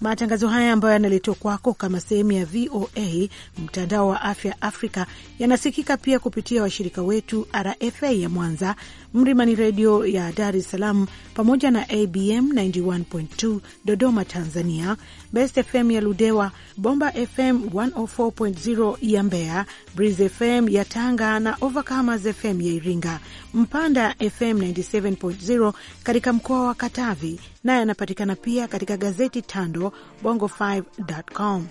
Matangazo haya ambayo yanaletwa kwako kama sehemu ya VOA mtandao wa afya Afrika yanasikika pia kupitia washirika wetu RFA ya Mwanza, Mlimani Redio ya Dar es Salaam pamoja na ABM 91.2 Dodoma Tanzania, Best FM ya Ludewa, Bomba FM 104.0 ya Mbeya, Breeze FM ya Tanga na Overcomers FM ya Iringa, Mpanda FM 97.0 katika mkoa wa Katavi, naye anapatikana pia katika gazeti Tando Bongo5.com.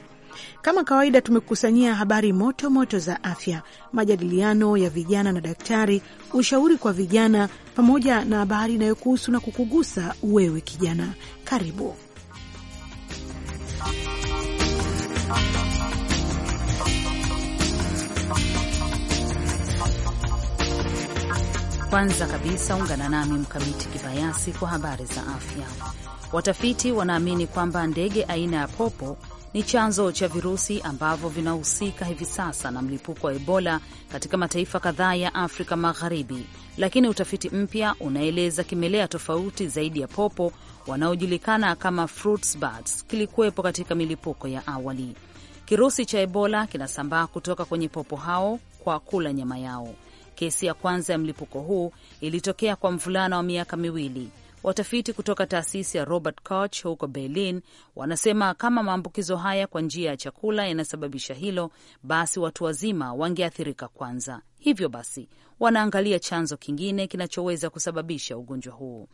Kama kawaida, tumekusanyia habari moto moto za afya, majadiliano ya vijana na daktari, ushauri kwa vijana, pamoja na habari inayokuhusu na kukugusa wewe kijana. Karibu. Kwanza kabisa ungana nami Mkamiti Kibayasi kwa habari za afya. Watafiti wanaamini kwamba ndege aina ya popo ni chanzo cha virusi ambavyo vinahusika hivi sasa na mlipuko wa Ebola katika mataifa kadhaa ya Afrika Magharibi, lakini utafiti mpya unaeleza kimelea tofauti zaidi ya popo wanaojulikana kama fruits bats kilikuwepo katika milipuko ya awali. Kirusi cha Ebola kinasambaa kutoka kwenye popo hao kwa kula nyama yao. Kesi ya kwanza ya mlipuko huu ilitokea kwa mvulana wa miaka miwili Watafiti kutoka taasisi ya Robert Koch huko Berlin wanasema kama maambukizo haya kwa njia ya chakula yanasababisha hilo, basi watu wazima wangeathirika kwanza. Hivyo basi wanaangalia chanzo kingine kinachoweza kusababisha ugonjwa huu.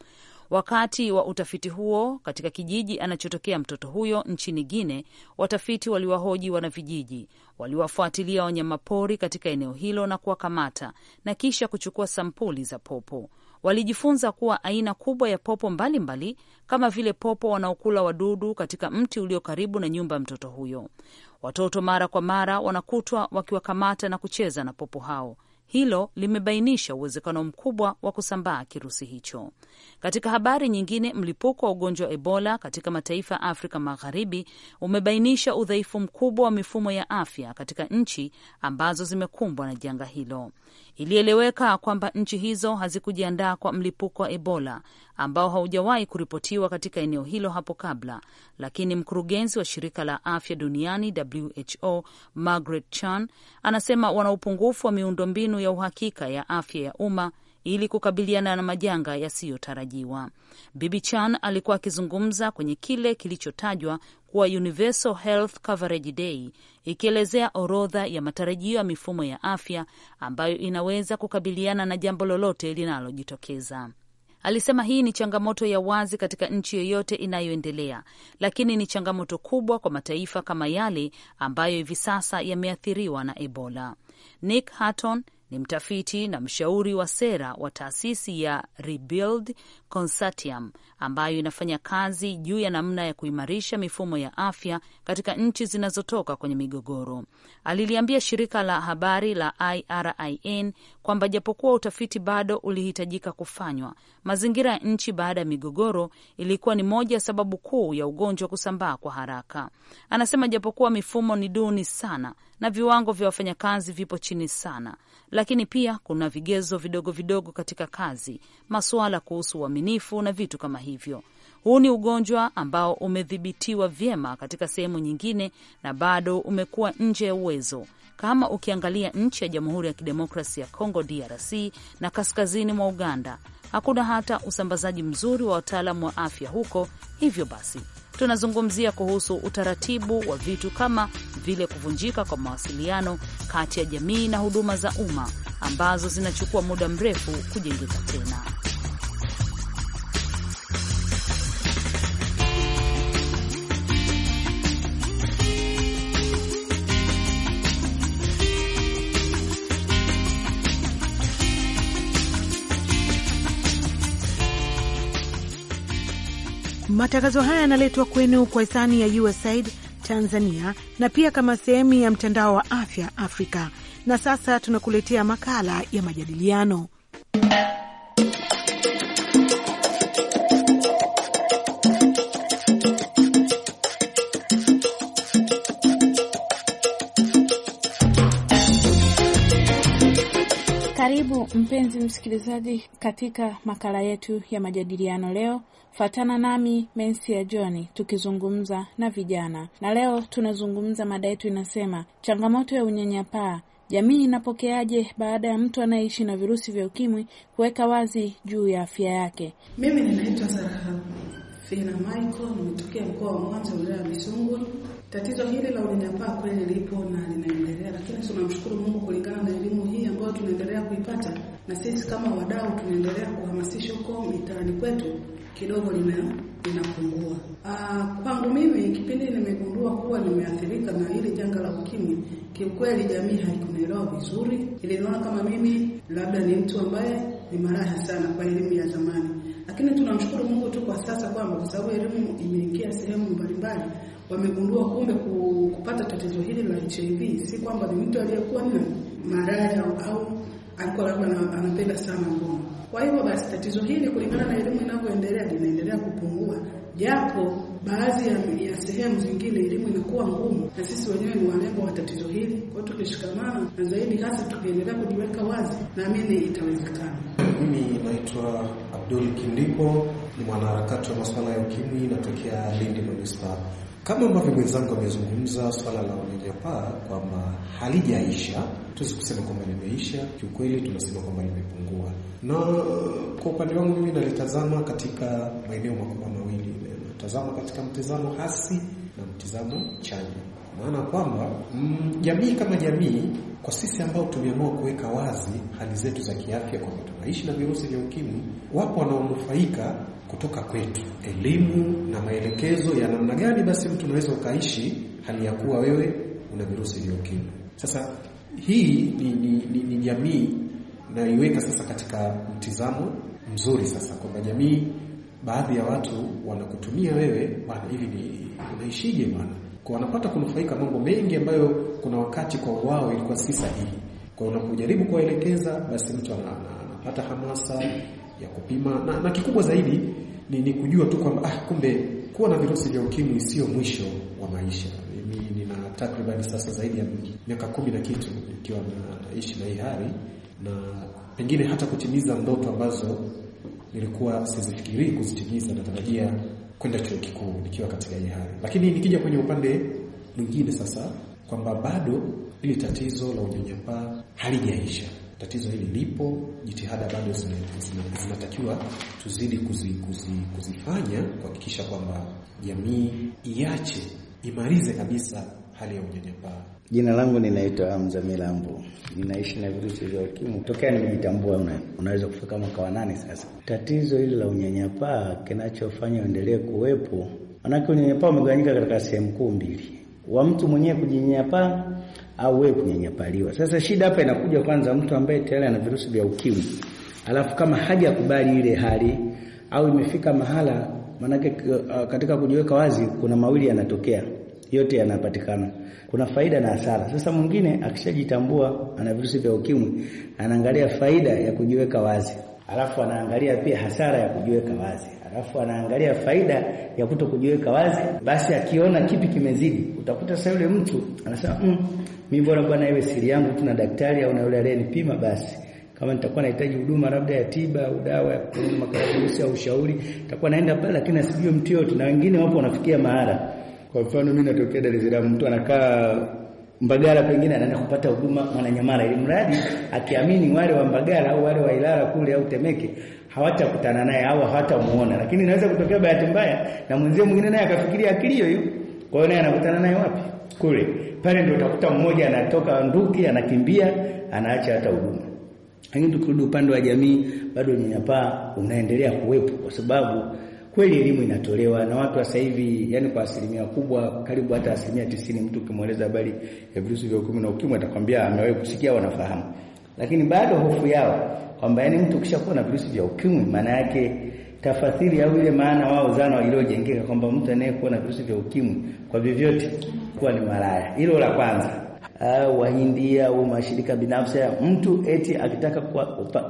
Wakati wa utafiti huo katika kijiji anachotokea mtoto huyo nchini Guine, watafiti waliwahoji wanavijiji, waliwafuatilia wanyamapori katika eneo hilo na kuwakamata na kisha kuchukua sampuli za popo walijifunza kuwa aina kubwa ya popo mbalimbali mbali, kama vile popo wanaokula wadudu katika mti ulio karibu na nyumba ya mtoto huyo. Watoto mara kwa mara wanakutwa wakiwakamata na kucheza na popo hao. Hilo limebainisha uwezekano mkubwa wa kusambaa kirusi hicho. Katika habari nyingine, mlipuko wa ugonjwa wa Ebola katika mataifa ya Afrika Magharibi umebainisha udhaifu mkubwa wa mifumo ya afya katika nchi ambazo zimekumbwa na janga hilo. Ilieleweka kwamba nchi hizo hazikujiandaa kwa mlipuko wa Ebola ambao haujawahi kuripotiwa katika eneo hilo hapo kabla, lakini mkurugenzi wa shirika la afya duniani WHO Margaret Chan anasema wana upungufu wa miundombinu mbinu ya uhakika ya afya ya umma ili kukabiliana na majanga yasiyotarajiwa. Bibi Chan alikuwa akizungumza kwenye kile kilichotajwa kuwa Universal Health Coverage Day, ikielezea orodha ya matarajio ya mifumo ya afya ambayo inaweza kukabiliana na jambo lolote linalojitokeza. Alisema hii ni changamoto ya wazi katika nchi yoyote inayoendelea, lakini ni changamoto kubwa kwa mataifa kama yale ambayo hivi sasa yameathiriwa na Ebola. Nick Hatton ni mtafiti na mshauri wa sera wa taasisi ya Rebuild Consortium ambayo inafanya kazi juu ya namna ya kuimarisha mifumo ya afya katika nchi zinazotoka kwenye migogoro. Aliliambia shirika la habari la IRIN kwamba japokuwa utafiti bado ulihitajika kufanywa, mazingira ya nchi baada ya migogoro ilikuwa ni moja ya sababu kuu ya ugonjwa kusambaa kwa haraka. Anasema japokuwa mifumo ni duni sana na viwango vya wafanyakazi vipo chini sana lakini pia kuna vigezo vidogo vidogo katika kazi, masuala kuhusu uaminifu na vitu kama hivyo. Huu ni ugonjwa ambao umedhibitiwa vyema katika sehemu nyingine na bado umekuwa nje ya uwezo. Kama ukiangalia nchi ya Jamhuri ya Kidemokrasi ya Kongo DRC na kaskazini mwa Uganda, hakuna hata usambazaji mzuri wa wataalamu wa afya huko. Hivyo basi tunazungumzia kuhusu utaratibu wa vitu kama vile kuvunjika kwa mawasiliano kati ya jamii na huduma za umma ambazo zinachukua muda mrefu kujengeka tena. Matangazo haya yanaletwa kwenu kwa hisani ya USAID Tanzania na pia kama sehemu ya mtandao wa afya Afrika. Na sasa tunakuletea makala ya majadiliano. Karibu mpenzi msikilizaji katika makala yetu ya majadiliano leo Fatana nami ya John tukizungumza na vijana, na leo tunazungumza mada yetu inasema changamoto ya unyanyapaa jamii inapokeaje baada ya mtu anayeishi na virusi vya ukimwi kuweka wazi juu ya afya yake. Mimi ninaitwa Saraha Fina Michael, nimetokea mkoa wa Mwanza, wilaya ya Misungwi. Tatizo hili la unyanyapaa kweli lipo na linaendelea, lakini tunamshukuru Mungu kulingana na elimu hii ambayo tunaendelea kuipata, na sisi kama wadau tunaendelea kuhamasisha huko mitaani kwetu kidogo linapungua. Ah, kwangu mimi, kipindi nimegundua kuwa nimeathirika na hili janga la ukimwi, kiukweli jamii haikunielewa vizuri, iliniona kama mimi labda ni mtu ambaye ni maraha sana kwa elimu ya zamani, lakini tunamshukuru Mungu tu kwa sasa kwamba kwa sababu elimu imeingia sehemu mbalimbali wamegundua kumbe kupata tatizo hili la HIV si kwamba ni mtu aliyekuwa na maraya au alikuwa labda anapenda sana ngono kwa hivyo basi tatizo hili kulingana na elimu inavyoendelea linaendelea kupungua, japo baadhi ya, ya sehemu zingine elimu inakuwa ngumu, na sisi wenyewe ni walemba wa tatizo hili. Kwa hiyo tukishikamana na zaidi hasa tukiendelea kujiweka wazi, naamini itawezekana. Mimi naitwa Abdul Kindiko, ni mwanaharakati wa masuala ya ukimwi, natokea Lindi Manispaa. Kama ambavyo mwenzangu amezungumza, swala la unyanyapaa kwamba halijaisha, tuwezi kusema kwamba limeisha. Kiukweli tunasema kwamba limepungua, na kwa upande wangu mimi nalitazama katika maeneo makubwa mawili, natazama katika mtizamo hasi na mtizamo chanya, maana kwamba mm, jamii kama jamii, kwa sisi ambao tumeamua kuweka wazi hali zetu za kiafya kwamba tunaishi na virusi vya ukimwi, wapo wanaonufaika kutoka kwetu, elimu na maelekezo ya namna gani basi mtu unaweza ukaishi hali ya kuwa wewe una virusi vya ukimwi. Sasa hii ni, ni, ni, ni jamii naiweka sasa katika mtizamo mzuri sasa kwamba jamii, baadhi ya watu wanakutumia wewe bwana, hivi ni unaishije bwana, kwa wanapata kunufaika mambo mengi ambayo kuna wakati kwa wao ilikuwa si sahihi. Kwa unapojaribu kuwaelekeza, basi mtu anapata hamasa ya kupima na, na kikubwa zaidi ni, ni kujua tu kwamba ah, kumbe kuwa na virusi vya ukimwi sio mwisho wa maisha. Mimi nina takribani sasa zaidi ya miaka kumi na kitu nikiwa naishi na hii hali na pengine hata kutimiza ndoto ambazo nilikuwa sizifikirii kuzitimiza, natarajia kwenda chuo kikuu nikiwa katika hii hali. Lakini nikija kwenye upande mwingine sasa, kwamba bado ili tatizo la unyanyapaa halijaisha tatizo hili lipo, jitihada bado zinatakiwa tuzidi kuzi, kuzi, kuzifanya kuhakikisha kwamba jamii iache imalize kabisa hali ya unyanyapaa. Jina langu ninaitwa Hamza Milambo, ninaishi na virusi vya ukimwi tokea nimejitambua, una, unaweza kufika mwaka wa nane sasa. Tatizo hili la unyanyapaa kinachofanya uendelee kuwepo, manake unyanyapaa umegawanyika katika sehemu kuu mbili wa mtu mwenyewe kujinyapa au wewe kunyanyapaliwa. Sasa shida hapa inakuja kwanza mtu ambaye tayari ana virusi vya ukimwi, alafu kama hajakubali ile hali au imefika mahala, manake katika kujiweka wazi kuna mawili yanatokea, yote yanapatikana, kuna faida na hasara. Sasa mwingine akishajitambua ana virusi vya ukimwi, anaangalia faida ya kujiweka wazi, alafu anaangalia pia hasara ya kujiweka wazi alafu anaangalia faida ya kuto kujiweka wazi, basi akiona kipi kimezidi. Utakuta sasa yule mtu anasema mm, mimi bora bwana iwe siri yangu tu na daktari au na yule aliyenipima basi kama nitakuwa nahitaji huduma labda ya tiba au dawa ya kupunguza makarusi au ushauri, nitakuwa naenda pale, lakini asijue mtu yote. Na wengine wapo wanafikia mahala, Kwa mfano, mimi natokea Dar es Salaam, mtu anakaa Mbagala, pengine anaenda kupata huduma Mwananyamala, ili mradi akiamini wale wa Mbagala au wale wa Ilala kule au Temeke hawatakutana naye au hawatamuona, lakini inaweza kutokea bahati mbaya na mwenzie mwingine naye akafikiria akili hiyo hiyo. Kwa hiyo naye anakutana naye wapi? Kule pale ndio utakuta mmoja anatoka nduki, anakimbia, anaacha hata huduma. Lakini tukirudi upande wa jamii, bado unyanyapaa unaendelea kuwepo, kwa sababu kweli elimu inatolewa na watu sasa hivi, yani kwa asilimia kubwa, karibu hata asilimia tisini, mtu ukimweleza habari ya virusi vya ukimwi na ukimwi atakwambia amewahi kusikia, wanafahamu, lakini bado hofu yao kwamba yani mtu ukishakuwa na virusi vya ukimwi, maana yake tafasiri au ile maana wao zana iliyojengeka kwamba mtu anayekuwa na virusi vya ukimwi kwa vyovyote kuwa ni malaya. Hilo la kwanza. Uh, Wahindi au mashirika binafsi, mtu eti akitaka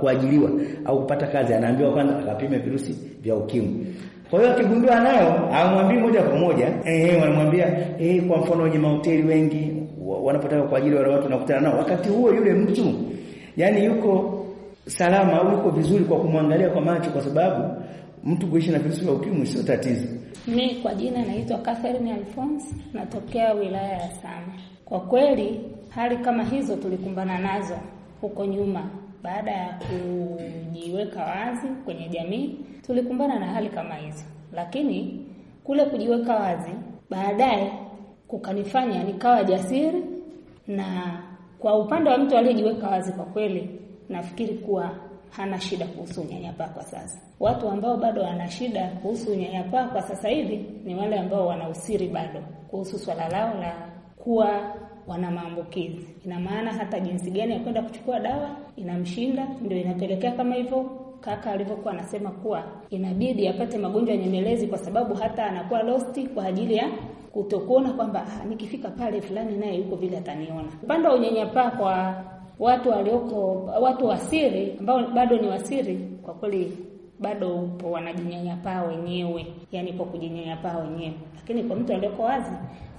kuajiliwa au kupata kazi anaambiwa kwanza akapime virusi vya ukimwi. Kwa hiyo akigundua nayo amwambii moja kwa moja eh, wanamwambia eh, kwa mfano wenye mahoteli wengi wanapotaka kuajiri wale watu nakutana nao, wakati huo yule mtu yani yuko salama au yuko vizuri kwa kumwangalia kwa macho, kwa sababu mtu kuishi na virusi vya ukimwi sio tatizo. Mi kwa jina naitwa Catherine Alphonse, natokea wilaya ya Same. Kwa kweli hali kama hizo tulikumbana nazo huko nyuma, baada ya kujiweka wazi kwenye jamii tulikumbana na hali kama hizo, lakini kule kujiweka wazi baadaye kukanifanya nikawa jasiri, na kwa upande wa mtu aliyejiweka wazi, kwa kweli nafikiri kuwa hana shida kuhusu unyanyapaa kwa sasa. Watu ambao bado wana shida kuhusu unyanyapaa kwa sasa hivi ni wale ambao wana usiri bado kuhusu swala lao la kuwa wana maambukizi. Ina maana hata jinsi gani ya kwenda kuchukua dawa inamshinda, ndio inapelekea kama hivyo kaka alivyokuwa anasema kuwa inabidi apate magonjwa nyemelezi, kwa sababu hata anakuwa losti kwa ajili ya kutokuona kwamba ah, nikifika pale fulani naye yuko vile ataniona. Upande wa unyanyapaa kwa watu walioko watu wasiri ambao bado ni wasiri, kwa kweli bado upo, wanajinyanyapaa wenyewe, yani kwa kujinyanyapaa wenyewe. Lakini kwa mtu aliyoko wazi,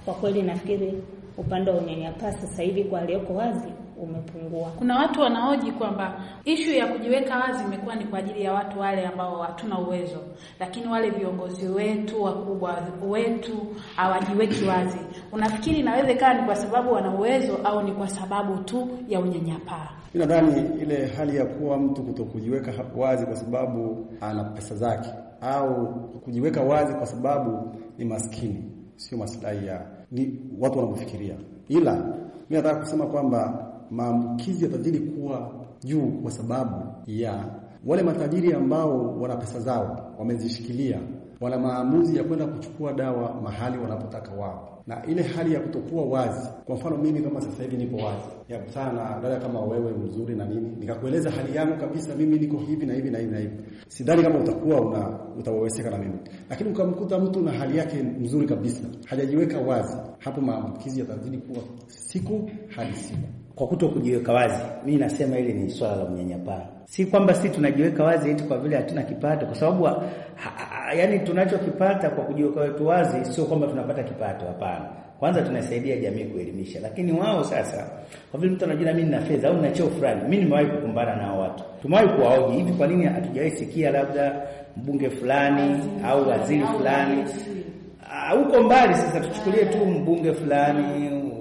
kwa kweli nafikiri upande wa unyanyapaa sasa hivi kwa aliyoko wazi umepungua. Kuna watu wanaoji kwamba ishu ya kujiweka wazi imekuwa ni kwa ajili ya watu wale ambao hatuna uwezo, lakini wale viongozi wetu wakubwa wetu hawajiweki wazi. Unafikiri inaweza ikawa ni kwa sababu wana uwezo au ni kwa sababu tu ya unyanyapaa? mi nadhani ile hali ya kuwa mtu kutokujiweka wazi kwa sababu ana pesa zake au kujiweka wazi kwa sababu ni maskini, sio maslahi ya ni watu wanavyofikiria. Ila mimi nataka kusema kwamba maambukizi yatazidi kuwa juu kwa sababu ya wale matajiri ambao wana pesa zao wamezishikilia, wana maamuzi ya kwenda kuchukua dawa mahali wanapotaka wao, na ile hali ya kutokuwa wazi. Kwa mfano, mimi kama sasa hivi niko wazi ya na dada kama wewe mzuri na nini, nikakueleza hali yangu kabisa, mimi niko hivi na hivi na hivi na hivi, sidhani kama utakuwa una utawawezeka na mimi. Lakini ukamkuta mtu na hali yake mzuri kabisa, hajajiweka wazi, hapo maambukizi yatazidi kuwa siku hadi siku kwa kuto kujiweka wazi. Mimi nasema hili ni swala la unyanyapaa, si kwamba sisi tunajiweka wazi eti kwa vile hatuna kipato, kwa sababu yani tunachokipata kwa kujiweka wetu wazi sio kwamba tunapata kipato, hapana. Kwanza tunasaidia jamii kuelimisha, lakini wao sasa, kwa vile mtu anajua mimi nina fedha au nina cheo fulani. Mimi nimewahi kukumbana na watu, tumewahi kuwaoji hivi, kwa nini hatujawahi sikia labda mbunge fulani au waziri fulani ah, huko mbali? Sasa tuchukulie tu mbunge fulani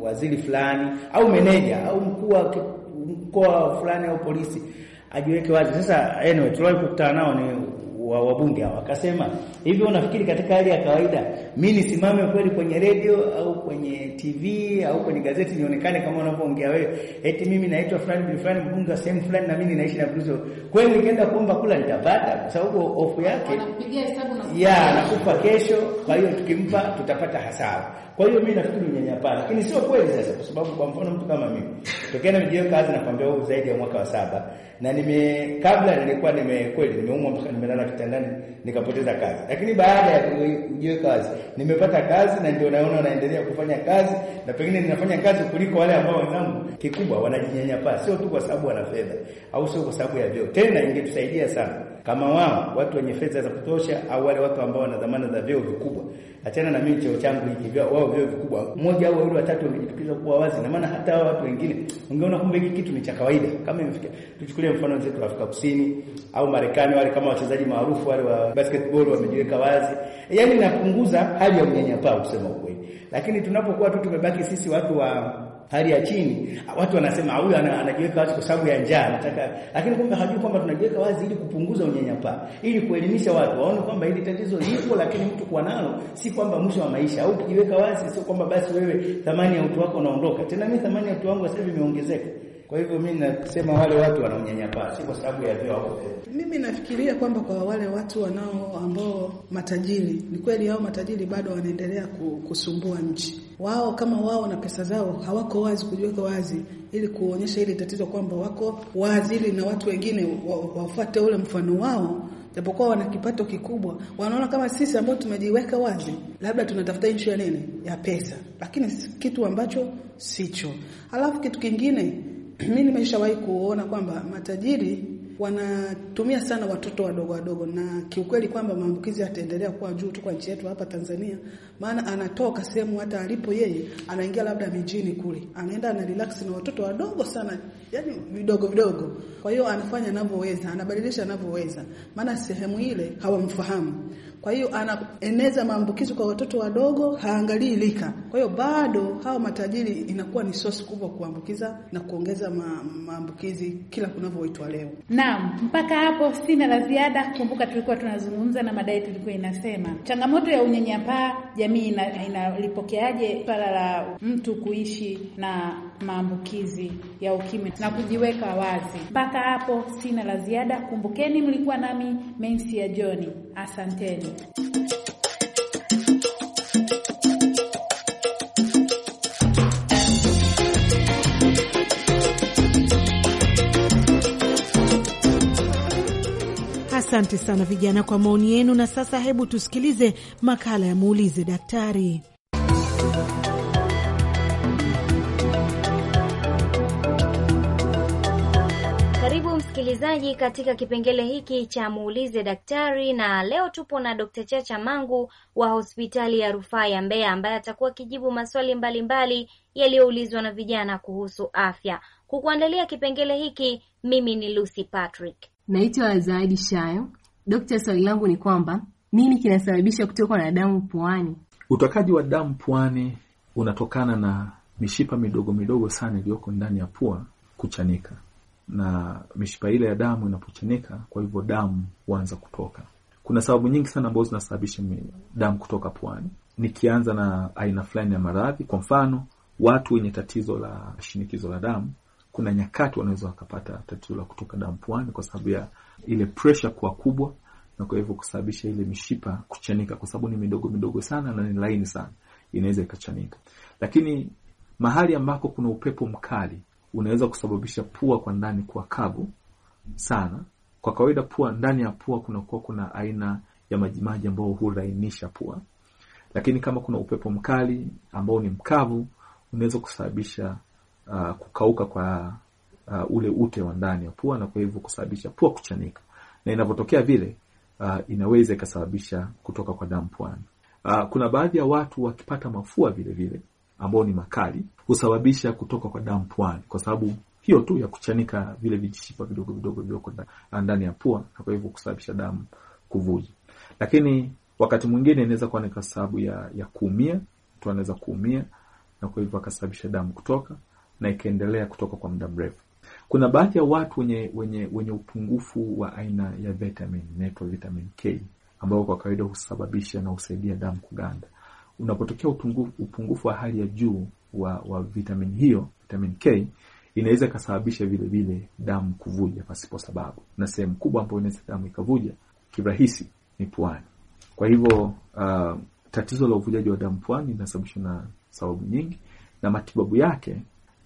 waziri fulani au meneja au mkuu wa mkoa fulani au polisi ajiweke wazi. Sasa anyway, tuliwahi kukutana nao ni wa wabunge hawa akasema hivi, unafikiri katika hali ya kawaida mi nisimame kweli kwenye redio au kwenye TV au kwenye gazeti nionekane kama unavyoongea wewe, eti mimi naitwa fulani bin fulani, mbunge wa sehemu fulani, na mimi naishi na virusi kweli, nikienda kuomba kula nitapata, kwa sababu hofu yake ya anakufa kesho. Kwa hiyo tukimpa tutapata hasara. Kwa hiyo mimi nafikiri unyanyapaa, lakini sio kweli. Sasa kwa sababu kwa mfano mtu kama mimi tokea nimejiweka kazi, nakwambia wewe, zaidi ya mwaka wa saba, na nime kabla nilikuwa nime kweli nimeumwa mpaka nimelala kitandani nikapoteza kazi, lakini baada ya kujiwe kazi nimepata kazi, na ndio naona naendelea kufanya kazi, na pengine ninafanya kazi kuliko wale ambao wenzangu. Kikubwa wanajinyanyapaa, sio tu kwa sababu wana fedha au sio kwa sababu ya vyeo. Tena ingetusaidia sana kama wao watu wenye fedha za kutosha, au wale watu ambao wana dhamana za vyeo vikubwa. Achana na mimi, cheo changu hiki, wao vyeo vikubwa, mmoja au wawili watatu wangejitokeza kuwa wazi, na maana hata hao watu wengine ungeona kumbe hiki kitu ni cha kawaida. Kama imefikia, tuchukulie mfano zetu wa Afrika Kusini au Marekani, wale kama wachezaji maarufu wale wa basketball wamejiweka wazi, yaani napunguza hali ya unyanyapaa kusema ukweli, lakini tunapokuwa tu tumebaki sisi watu wa hali ya chini. Watu wanasema ah, huyu anajiweka wazi kwa sababu ya njaa, anataka, lakini kumbe hajui kwamba tunajiweka wazi ili kupunguza unyanyapaa, ili kuelimisha watu waone kwamba hili tatizo lipo, lakini mtu kuwa nalo si kwamba mwisho wa maisha, au ukijiweka wazi sio kwamba basi wewe thamani ya utu wako unaondoka. Tena mimi thamani ya utu wangu sasa hivi imeongezeka. Kwa hivyo mimi nasema wale watu wanaunyanyapaa si kwa sababu ya vyao. Mimi nafikiria kwamba kwa wale watu wanao ambao matajiri, ni kweli hao matajiri bado wanaendelea kusumbua nchi wao kama wao na pesa zao hawako wazi kujiweka wazi, ili kuonyesha ile tatizo kwamba wako wazi, ili na watu wengine wafuate ule mfano wao japokuwa wana kipato kikubwa, wanaona kama sisi ambao tumejiweka wazi, labda tunatafuta nchi ya nini, ya pesa, lakini kitu ambacho sicho. Alafu kitu kingine mi nimeshawahi kuona kwamba matajiri wanatumia sana watoto wadogo wadogo, na kiukweli kwamba maambukizi yataendelea kuwa juu tu kwa nchi yetu hapa Tanzania, maana anatoka sehemu hata alipo yeye, anaingia labda mijini kule, anaenda ana relax na watoto wadogo sana, yani vidogo vidogo. Kwa hiyo anafanya anavyoweza, anabadilisha anavyoweza, maana sehemu ile hawamfahamu. Kwa hiyo anaeneza maambukizi kwa watoto wadogo, haangalii lika. Kwa hiyo bado hawa matajiri inakuwa ni sosi kubwa kuambukiza na kuongeza maambukizi kila kunavyoitwa leo. Naam, mpaka hapo sina la ziada. Kumbuka tulikuwa tunazungumza na madai tulikuwa inasema changamoto ya unyanyapaa, jamii inalipokeaje ina swala la mtu kuishi na maambukizi ya ukimwi na kujiweka wazi. Mpaka hapo sina la ziada. Kumbukeni mlikuwa nami Mensi ya Johni, asanteni. Asante sana vijana kwa maoni yenu. Na sasa hebu tusikilize makala ya Muulize Daktari. msikilizaji, katika kipengele hiki cha muulize daktari, na leo tupo na Dokta Chacha Mangu wa hospitali ya rufaa ya Mbeya ambaye atakuwa akijibu maswali mbalimbali yaliyoulizwa na vijana kuhusu afya. Kukuandalia kipengele hiki mimi ni Lucy Patrick. Naitwa Zawadi Shayo. Dokta, swali langu ni kwamba nini kinasababisha kutokwa na damu puani? Utokaji wa damu puani unatokana na mishipa midogo midogo sana iliyoko ndani ya pua kuchanika na mishipa ile ya damu inapochanika, kwa hivyo damu huanza kutoka. Kuna sababu nyingi sana ambazo zinasababisha damu kutoka puani, nikianza na aina fulani ya maradhi. Kwa mfano, watu wenye tatizo la shinikizo la damu, kuna nyakati wanaweza wakapata tatizo la kutoka damu puani kwa sababu ya ile pressure kuwa kubwa, na kwa hivyo kusababisha ile mishipa kuchanika, kwa sababu ni midogo midogo sana na ni laini sana, inaweza ikachanika. Lakini mahali ambako kuna upepo mkali unaweza kusababisha pua kwa ndani kuwa kavu sana. Kwa kawaida pua, ndani ya pua kunakuwa kuna aina ya majimaji ambayo hulainisha pua, lakini kama kuna upepo mkali ambao ni mkavu, unaweza kusababisha uh, kukauka kwa uh, ule ute wa ndani ya pua na kwa hivyo kusababisha pua kuchanika, na inavyotokea vile uh, inaweza ikasababisha kutoka kwa damu puani. Uh, kuna baadhi ya watu wakipata mafua vile vile ambao ni makali husababisha kutoka kwa damu puani, kwa sababu hiyo tu ya kuchanika vile vijishipa vidogo vidogo vilivyoko ndani ya pua, na kwa hivyo kusababisha damu kuvuja. Lakini wakati mwingine inaweza kuwa ni kwa sababu ya, ya kuumia. Mtu anaweza kuumia na kwa hivyo akasababisha damu kutoka na ikaendelea kutoka kwa muda mrefu. Kuna baadhi ya watu wenye, wenye, wenye upungufu wa aina ya vitamin inaitwa vitamin K ambayo kwa kawaida husababisha na husaidia damu kuganda unapotokea upungufu, wa hali ya juu wa, wa vitamin hiyo vitamin K inaweza ikasababisha vile vile damu kuvuja pasipo sababu, na sehemu kubwa ambayo inaweza damu ikavuja kirahisi ni puani. Kwa hivyo uh, tatizo la uvujaji wa damu puani linasababishwa na sababu nyingi, na matibabu yake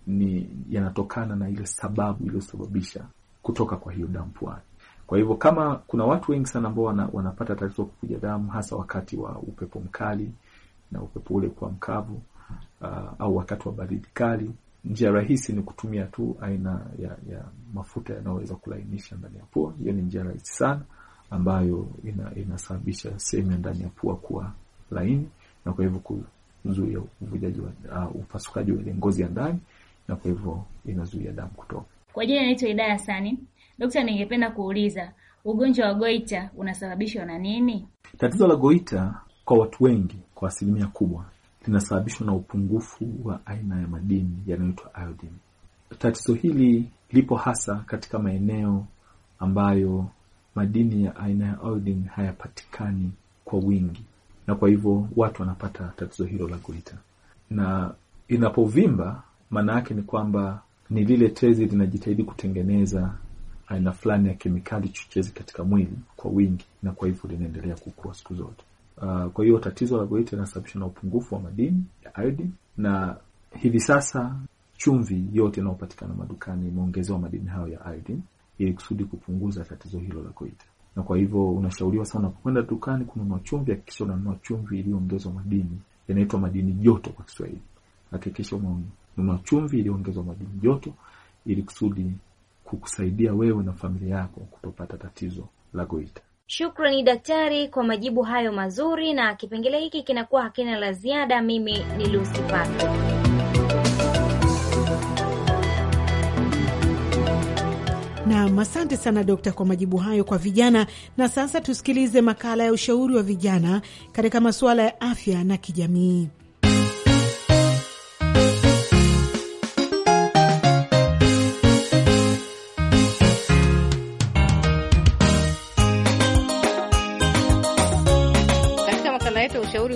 ni yanatokana na ile sababu iliyosababisha kutoka kwa hiyo damu puani. Kwa hivyo kama kuna watu wengi sana ambao wanapata tatizo kuvuja damu hasa wakati wa upepo mkali na upepo ule kuwa mkavu uh, au wakati wa baridi kali. Njia rahisi ni kutumia tu aina ya, ya mafuta yanayoweza kulainisha ndani ya pua. Hiyo ni njia rahisi sana ambayo ina, inasababisha sehemu ya ndani ya pua kuwa laini na kwa hivyo kuzuia uvujaji wa uh, upasukaji wa ile ngozi ya ndani na kwa hivyo inazuia damu kutoka. Kwa jina naitwa Idaya sani Daktari, ningependa kuuliza ugonjwa wa goita unasababishwa na nini? Tatizo la goita kwa watu wengi kwa asilimia kubwa linasababishwa na upungufu wa aina ya madini yanayoitwa iodine. Tatizo hili lipo hasa katika maeneo ambayo madini ya aina ya iodine hayapatikani kwa wingi, na kwa hivyo watu wanapata tatizo hilo la goita. Na inapovimba, maana yake ni kwamba ni lile tezi linajitahidi kutengeneza aina fulani ya kemikali chochezi katika mwili kwa wingi, na kwa hivyo linaendelea kukua siku zote. Uh, kwa hiyo tatizo la goiti linasababishwa na upungufu wa madini ya iodine, na hivi sasa chumvi yote inayopatikana madukani imeongezewa madini hayo ya iodine ili kusudi kupunguza tatizo hilo la goiti. Na kwa hivyo unashauriwa sana kwenda dukani kununua chumvi, hakikisha unanunua chumvi iliyoongezwa madini, inaitwa madini joto kwa Kiswahili. Hakikisha unanunua chumvi iliyoongezwa madini joto ili kusudi kukusaidia wewe na familia yako kutopata tatizo la goita. Shukrani daktari kwa majibu hayo mazuri, na kipengele hiki kinakuwa hakina la ziada. Mimi ni Lucy Patrick. Nam, asante sana dokta kwa majibu hayo kwa vijana. Na sasa tusikilize makala ya ushauri wa vijana katika masuala ya afya na kijamii.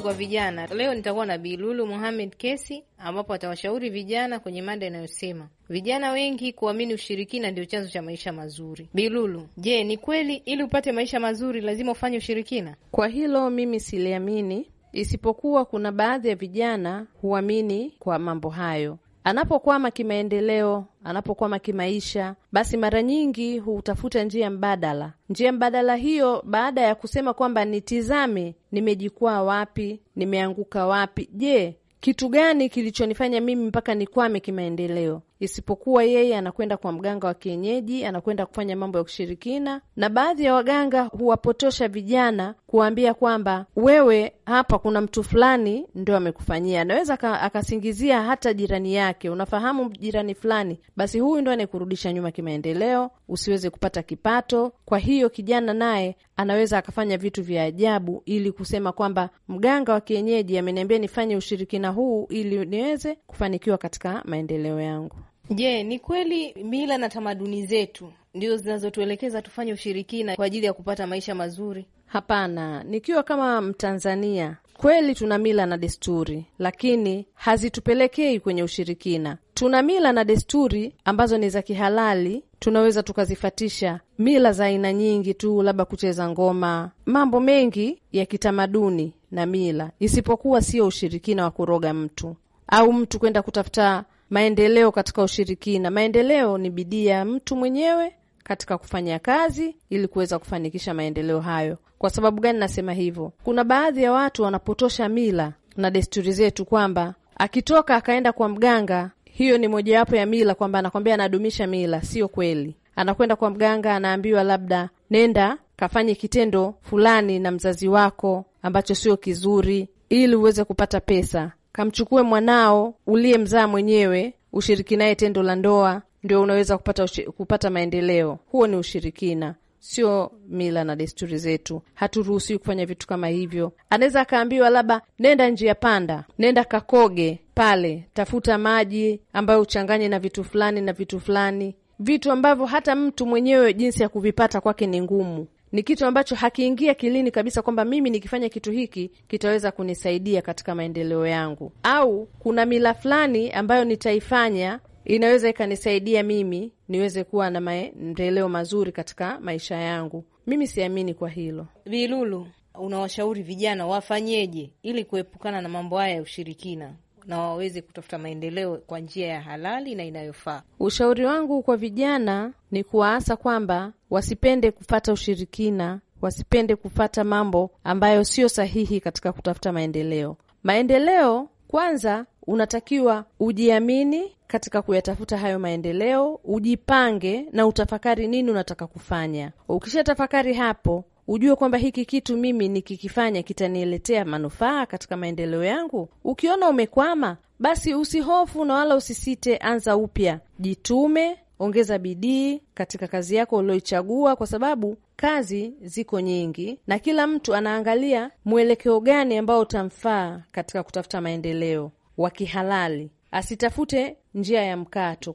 kwa vijana. Leo nitakuwa na Bilulu Muhamed Kesi, ambapo atawashauri vijana kwenye mada inayosema vijana wengi kuamini ushirikina ndio chanzo cha maisha mazuri. Bilulu, je, ni kweli ili upate maisha mazuri lazima ufanye ushirikina? Kwa hilo mimi siliamini, isipokuwa kuna baadhi ya vijana huamini kwa mambo hayo anapokwama kimaendeleo, anapokwama kimaisha, basi mara nyingi hutafuta njia mbadala. Njia mbadala hiyo, baada ya kusema kwamba nitizame nimejikwaa wapi, nimeanguka wapi, je, kitu gani kilichonifanya mimi mpaka nikwame kimaendeleo? isipokuwa yeye anakwenda kwa mganga wa kienyeji, anakwenda kufanya mambo ya kushirikina, na baadhi ya waganga huwapotosha vijana kuambia kwamba wewe hapa kuna mtu fulani ndio amekufanyia. Anaweza akasingizia hata jirani yake, unafahamu jirani fulani, basi huyu ndo anayekurudisha nyuma kimaendeleo, usiweze kupata kipato. Kwa hiyo kijana naye anaweza akafanya vitu vya ajabu ili kusema kwamba mganga wa kienyeji ameniambia nifanye ushirikina huu ili niweze kufanikiwa katika maendeleo yangu. Je, ni kweli mila na tamaduni zetu ndio zinazotuelekeza tufanye ushirikina kwa ajili ya kupata maisha mazuri? Hapana. Nikiwa kama Mtanzania, kweli tuna mila na desturi, lakini hazitupelekei kwenye ushirikina. Tuna mila na desturi ambazo ni za kihalali, tunaweza tukazifatisha mila za aina nyingi tu, labda kucheza ngoma, mambo mengi ya kitamaduni na mila, isipokuwa sio ushirikina wa kuroga mtu au mtu kwenda kutafuta maendeleo katika ushirikina. Maendeleo ni bidii ya mtu mwenyewe katika kufanya kazi ili kuweza kufanikisha maendeleo hayo. Kwa sababu gani nasema hivyo? Kuna baadhi ya watu wanapotosha mila na desturi zetu kwamba akitoka akaenda kwa mganga, hiyo ni mojawapo ya mila, kwamba anakwambia anadumisha mila. Sio kweli. Anakwenda kwa mganga, anaambiwa labda nenda kafanye kitendo fulani na mzazi wako ambacho sio kizuri, ili uweze kupata pesa kamchukue mwanao uliyemzaa mwenyewe, ushiriki naye tendo la ndoa, ndio unaweza kupata, kupata maendeleo. Huo ni ushirikina, sio mila na desturi zetu. Haturuhusiwi kufanya vitu kama hivyo. Anaweza akaambiwa labda nenda njia panda, nenda kakoge pale, tafuta maji ambayo uchanganye na vitu fulani na vitu fulani, vitu ambavyo hata mtu mwenyewe jinsi ya kuvipata kwake ni ngumu ni kitu ambacho hakiingia akilini kabisa kwamba mimi nikifanya kitu hiki kitaweza kunisaidia katika maendeleo yangu, au kuna mila fulani ambayo nitaifanya inaweza ikanisaidia mimi niweze kuwa na maendeleo mazuri katika maisha yangu. Mimi siamini kwa hilo. vilulu unawashauri vijana wafanyeje ili kuepukana na mambo haya ya ushirikina? na waweze kutafuta maendeleo kwa njia ya halali na inayofaa. Ushauri wangu kwa vijana ni kuwaasa kwamba wasipende kufata ushirikina, wasipende kufata mambo ambayo sio sahihi katika kutafuta maendeleo. Maendeleo kwanza, unatakiwa ujiamini katika kuyatafuta hayo maendeleo, ujipange na utafakari nini unataka kufanya. Ukisha tafakari hapo, ujue kwamba hiki kitu mimi nikikifanya kitaniletea manufaa katika maendeleo yangu. Ukiona umekwama, basi usihofu na wala usisite, anza upya, jitume, ongeza bidii katika kazi yako ulioichagua, kwa sababu kazi ziko nyingi na kila mtu anaangalia mwelekeo gani ambao utamfaa katika kutafuta maendeleo wa kihalali. Asitafute njia ya mkato.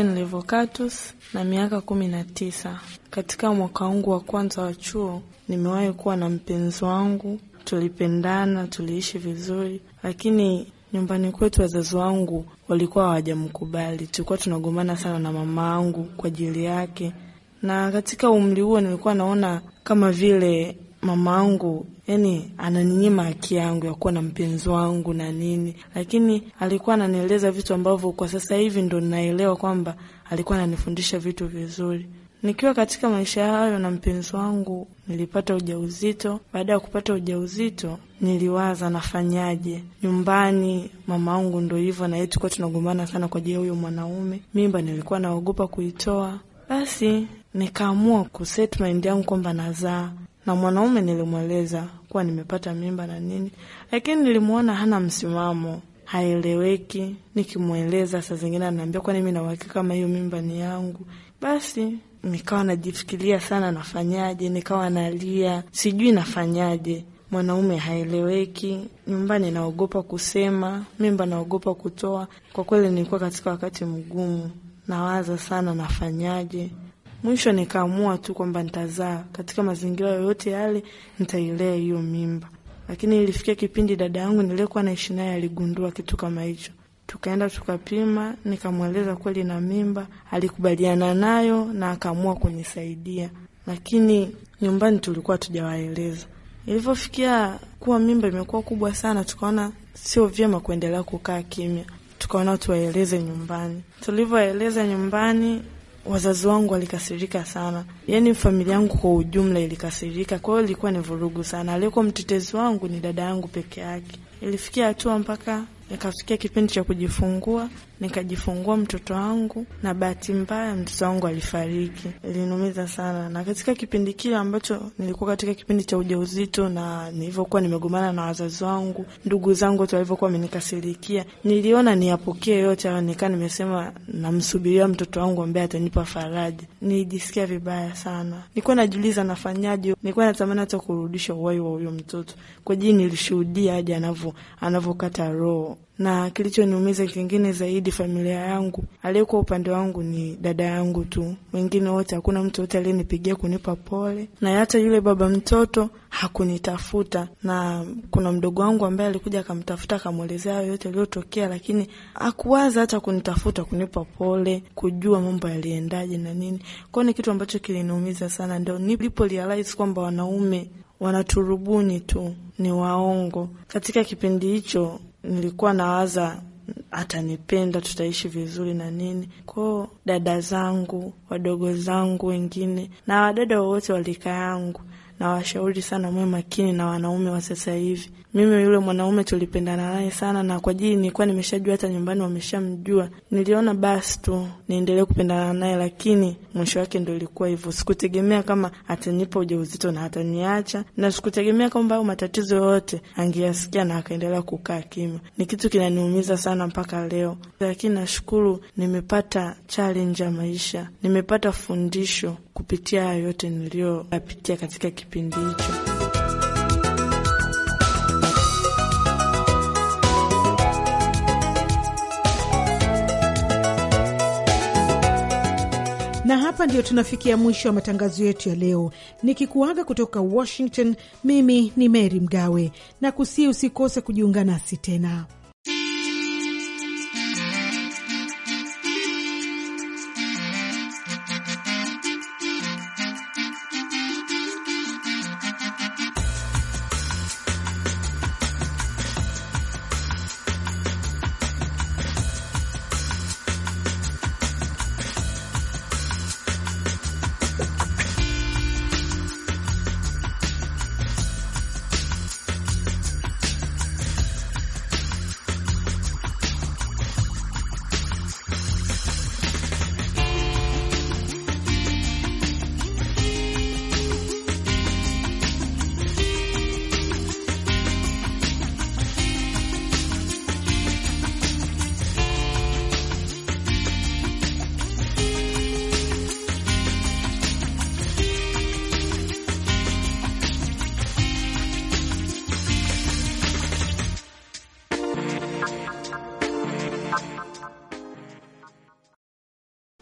Helen Levocatus na miaka kumi na tisa. Katika mwaka wangu wa kwanza wa chuo nimewahi kuwa na mpenzi wangu, tulipendana, tuliishi vizuri, lakini nyumbani kwetu wazazi wangu walikuwa hawajamkubali. Tulikuwa tunagombana sana na mama angu kwa ajili yake, na katika umri huo nilikuwa naona kama vile mama angu yani ananinyima haki yangu ya kuwa na mpenzi wangu na nini, lakini alikuwa ananieleza vitu ambavyo kwa sasa hivi ndo ninaelewa kwamba alikuwa ananifundisha vitu vizuri. Nikiwa katika maisha hayo na mpenzi wangu, nilipata ujauzito. Baada ya kupata ujauzito, niliwaza nafanyaje nyumbani, mama angu ndo hivyo, na yetu kuwa tunagombana sana kwa ajili ya huyo mwanaume. Mimba nilikuwa naogopa kuitoa, basi nikaamua kuset mind yangu kwamba nazaa na mwanaume nilimweleza kuwa nimepata mimba na nini, lakini nilimwona hana msimamo, haeleweki. Nikimweleza saa zingine anaambia kwani mi nauhakika kama hiyo mimba ni yangu. Basi nikawa najifikiria sana, nafanyaje? Nikawa nalia, sijui nafanyaje. Mwanaume haeleweki, nyumbani naogopa kusema, mimba naogopa kutoa. Kwa kweli nilikuwa katika wakati mgumu, nawaza sana, nafanyaje? Mwisho nikaamua tu kwamba nitazaa, katika mazingira yoyote yale nitailea hiyo mimba. Lakini ilifikia kipindi dada yangu niliyekuwa naishi naye aligundua kitu kama hicho, tukaenda tukapima, nikamweleza kweli na mimba, alikubaliana nayo na akaamua kunisaidia, lakini nyumbani tulikuwa tujawaeleza. Ilivyofikia kuwa mimba imekuwa kubwa sana, tukaona sio vyema kuendelea kukaa kimya, tukaona tuwaeleze nyumbani. Tulivyoeleza nyumbani wazazi wangu walikasirika sana, yani familia yangu kwa ujumla ilikasirika. Kwa hiyo ilikuwa ni vurugu sana. Aliyekuwa mtetezi wangu ni dada yangu peke yake. Ilifikia hatua mpaka ikafikia kipindi cha kujifungua, nikajifungua mtoto wangu, na bahati mbaya mtoto wangu alifariki. Iliniumiza sana, na katika kipindi kile ambacho nilikuwa katika kipindi cha ujauzito na nilivyokuwa nimegombana na wazazi wangu, ndugu zangu wote walivyokuwa wamenikasirikia, niliona niyapokee yote hayo, nikaa nimesema namsubiria mtoto wangu ambaye atanipa faraja. Nilijisikia vibaya sana, nilikuwa najiuliza nafanyaje. Nilikuwa natamani hata kurudisha uhai wa huyo mtoto kwa jini, nilishuhudia aje anavyo anavyokata roho na kilichoniumiza kingine zaidi, familia yangu. Aliyekuwa upande wangu ni dada yangu tu, wengine wote, hakuna mtu yote aliyenipigia kunipa pole, na hata yule baba mtoto hakunitafuta. Na kuna mdogo wangu ambaye alikuja akamtafuta, akamwelezea yote yaliyotokea, lakini hakuwaza hata kunitafuta, kunipa pole, kujua mambo yaliendaje na nini. Kwao ni kitu ambacho kiliniumiza sana, ndo nilipo realize kwamba wanaume wanaturubuni tu, ni waongo. Katika kipindi hicho nilikuwa nawaza atanipenda tutaishi vizuri na nini kwao. Dada zangu wadogo zangu wengine na wadada wowote walika yangu nawashauri sana mwe makini na wanaume wa sasa hivi. Mimi yule mwanaume tulipendana naye sana, na kwa ajili nilikuwa nimeshajua hata nyumbani wameshamjua, niliona basi tu niendelee kupendana naye, lakini mwisho wake ndo ilikuwa hivyo. Sikutegemea kama atanipa ujauzito na ataniacha, na sikutegemea kwamba hayo matatizo yote angeyasikia na akaendelea kukaa kimya. Ni kitu kinaniumiza sana mpaka leo, lakini nashukuru nimepata challenge ya maisha, nimepata fundisho kupitia yote niliyoyapitia katika kipindi hicho. na hapa ndio tunafikia mwisho wa matangazo yetu ya leo, nikikuaga kutoka Washington. Mimi ni Mary Mgawe na kusii, usikose kujiunga nasi tena.